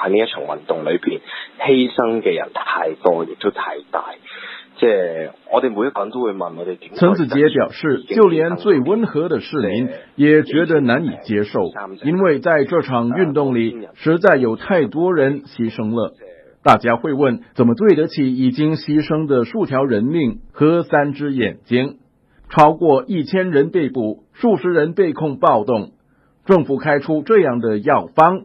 喺呢一場運動裏邊犧牲嘅人太多，亦都太大。即係我哋每一個人都會問我哋點解？陳子傑表示，就連最溫和的市民也覺得難以接受，因為在這場運動裡，實在有太多人犧牲了。大家會問，怎麼對得起已經犧牲的數條人命和三隻眼睛？超過一千人被捕，數十人被控暴動，政府開出這樣的藥方。